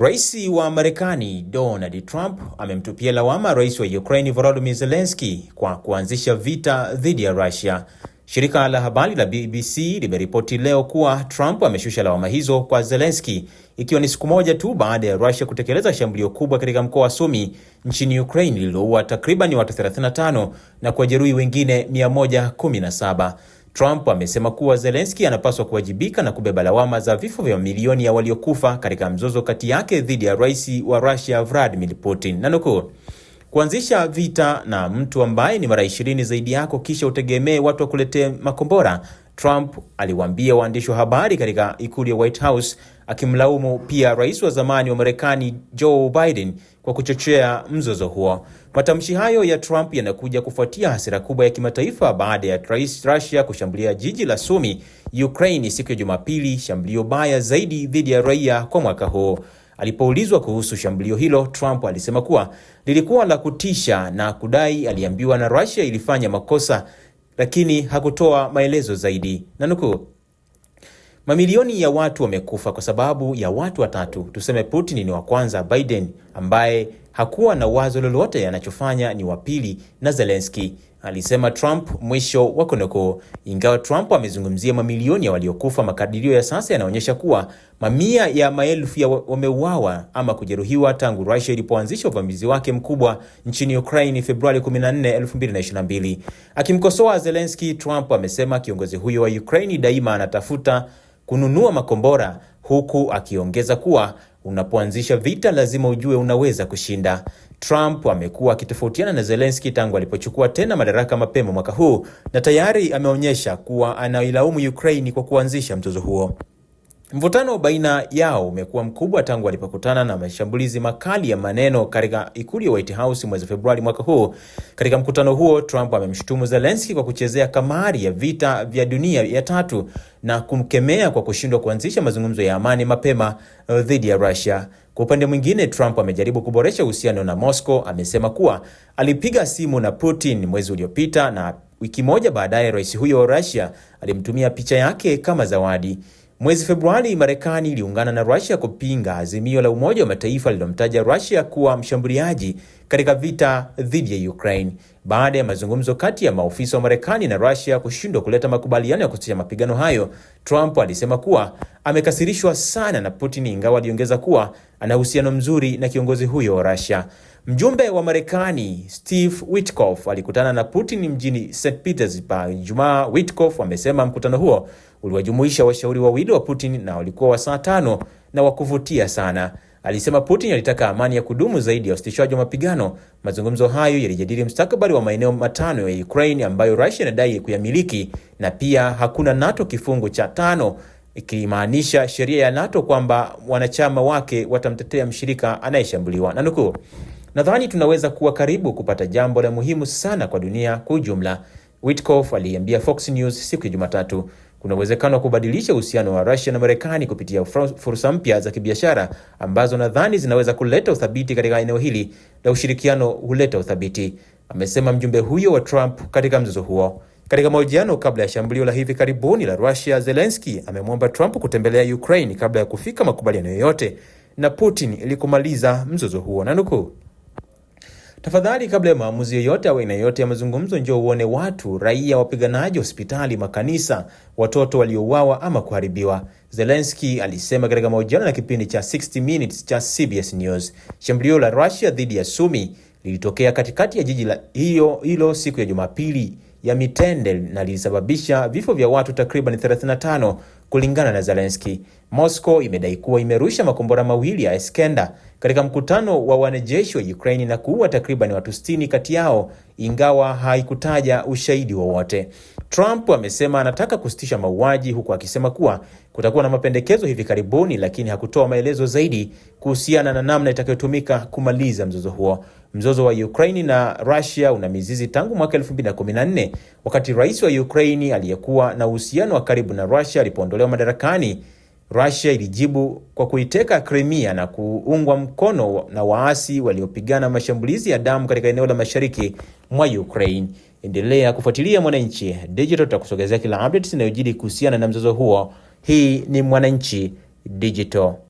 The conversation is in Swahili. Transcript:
Rais wa Marekani Donald Trump amemtupia lawama Rais wa Ukraine Volodymyr Zelensky kwa kuanzisha vita dhidi ya Russia. Shirika la habari la BBC limeripoti leo kuwa Trump ameshusha lawama hizo kwa Zelensky ikiwa ni siku moja tu baada ya Russia kutekeleza shambulio kubwa katika mkoa wa Sumi nchini Ukraine lililoua takriban watu 35 na kuwajeruhi wengine 117. Trump amesema kuwa Zelensky anapaswa kuwajibika na kubeba lawama za vifo vya mamilioni ya waliokufa katika mzozo kati yake dhidi ya rais wa Russia Vladimir Putin. nanuku kuanzisha vita na mtu ambaye ni mara ishirini zaidi yako kisha utegemee watu wakuletee makombora Trump aliwaambia waandishi wa habari katika ikulu ya White House, akimlaumu pia rais wa zamani wa Marekani Joe Biden kwa kuchochea mzozo huo. Matamshi hayo ya Trump yanakuja kufuatia hasira kubwa ya kimataifa baada ya rais Russia kushambulia jiji la Sumi, Ukraine siku ya Jumapili, shambulio baya zaidi dhidi ya raia kwa mwaka huu. Alipoulizwa kuhusu shambulio hilo, Trump alisema kuwa lilikuwa la kutisha na kudai aliambiwa na Russia ilifanya makosa lakini hakutoa maelezo zaidi, na nukuu, mamilioni ya watu wamekufa kwa sababu ya watu watatu, tuseme Putin ni wa kwanza, Biden ambaye hakuwa na wazo lolote anachofanya ni wa pili na Zelensky, alisema Trump. Mwisho wa kunukuu. Ingawa Trump amezungumzia mamilioni ya waliokufa, makadirio ya sasa yanaonyesha kuwa mamia ya maelfu ya wameuawa ama kujeruhiwa tangu Russia ilipoanzisha uvamizi wake mkubwa nchini Ukraine Februari 14, 2022. Akimkosoa Zelensky, Trump amesema kiongozi huyo wa Ukraine daima anatafuta kununua makombora huku akiongeza kuwa Unapoanzisha vita lazima ujue unaweza kushinda. Trump amekuwa akitofautiana na Zelensky tangu alipochukua tena madaraka mapema mwaka huu na tayari ameonyesha kuwa anailaumu Ukraine kwa kuanzisha mzozo huo. Mvutano baina yao umekuwa mkubwa tangu walipokutana na mashambulizi makali ya maneno katika ikulu ya White House mwezi Februari mwaka huu. Katika mkutano huo, Trump amemshutumu Zelensky kwa kuchezea kamari ya vita vya dunia ya tatu na kumkemea kwa kushindwa kuanzisha mazungumzo ya amani mapema uh, dhidi ya Russia. Kwa upande mwingine, Trump amejaribu kuboresha uhusiano na Moscow. Amesema kuwa alipiga simu na Putin mwezi uliopita na wiki moja baadaye rais huyo wa Russia alimtumia picha yake kama zawadi. Mwezi Februari, Marekani iliungana na Russia kupinga azimio la Umoja wa Mataifa lililomtaja Russia kuwa mshambuliaji katika vita dhidi ya Ukraine baada ya mazungumzo kati ya maofisa wa Marekani na Russia kushindwa kuleta makubaliano ya kusitisha mapigano hayo. Trump alisema kuwa amekasirishwa sana na Putin, ingawa aliongeza kuwa ana uhusiano mzuri na kiongozi huyo wa Russia. Mjumbe wa Marekani Steve Witkoff alikutana na Putin mjini St Petersburg Ijumaa. Witkoff amesema mkutano huo uliwajumuisha washauri wawili wa Putin na walikuwa wa saa tano na wa kuvutia sana. Alisema Putin alitaka amani ya kudumu zaidi ya usitishwaji wa mapigano. Mazungumzo hayo yalijadili mustakabali wa maeneo matano ya Ukraine ambayo Russia inadai kuyamiliki na pia hakuna NATO. Kifungu cha tano ikimaanisha sheria ya NATO kwamba wanachama wake watamtetea mshirika anayeshambuliwa na nukuu Nadhani tunaweza kuwa karibu kupata jambo la muhimu sana kwa dunia kwa ujumla, Witkoff aliiambia Fox News siku ya Jumatatu. Kuna uwezekano wa kubadilisha uhusiano wa Russia na Marekani kupitia fursa mpya za kibiashara ambazo nadhani zinaweza kuleta uthabiti katika eneo hili, la ushirikiano huleta uthabiti, amesema mjumbe huyo wa Trump katika mzozo huo. Katika mahojiano kabla ya shambulio la hivi karibuni la Russia, Zelensky amemwomba Trump kutembelea Ukraine kabla ya kufika makubaliano yoyote na Putin ili kumaliza mzozo huo, na nukuu Tafadhali, kabla ya maamuzi yoyote au aina yoyote ya mazungumzo, njoo uone watu, raia, wapiganaji, hospitali, makanisa, watoto waliouawa ama kuharibiwa, Zelensky alisema katika mahojiano na kipindi cha 60 Minutes cha CBS News. Shambulio la Russia dhidi ya Sumi lilitokea katikati ya jiji la hiyo hilo siku ya Jumapili ya mitende na lilisababisha vifo vya watu takriban 35 Kulingana na Zelensky, Moscow imedai kuwa imerusha makombora mawili ya Iskander katika mkutano wa wanajeshi wa Ukraine na kuua takriban watu 60 kati yao, ingawa haikutaja ushahidi wowote. Trump amesema anataka kusitisha mauaji huku akisema kuwa kutakuwa na mapendekezo hivi karibuni, lakini hakutoa maelezo zaidi kuhusiana na namna itakayotumika kumaliza mzozo huo. Mzozo wa Ukraine na Russia una mizizi tangu mwaka 2014 wakati rais wa Ukraini aliyekuwa na uhusiano wa karibu na Russia alipoondolewa kuondolewa madarakani, Russia ilijibu kwa kuiteka Crimea na kuungwa mkono na waasi waliopigana mashambulizi ya damu katika eneo la mashariki mwa Ukraine. Endelea kufuatilia Mwananchi Digital, tutakusogezea kila updates inayojiri kuhusiana na mzozo huo. Hii ni Mwananchi Digital.